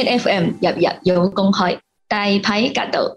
N.F.M. 日日有工開大牌駕到。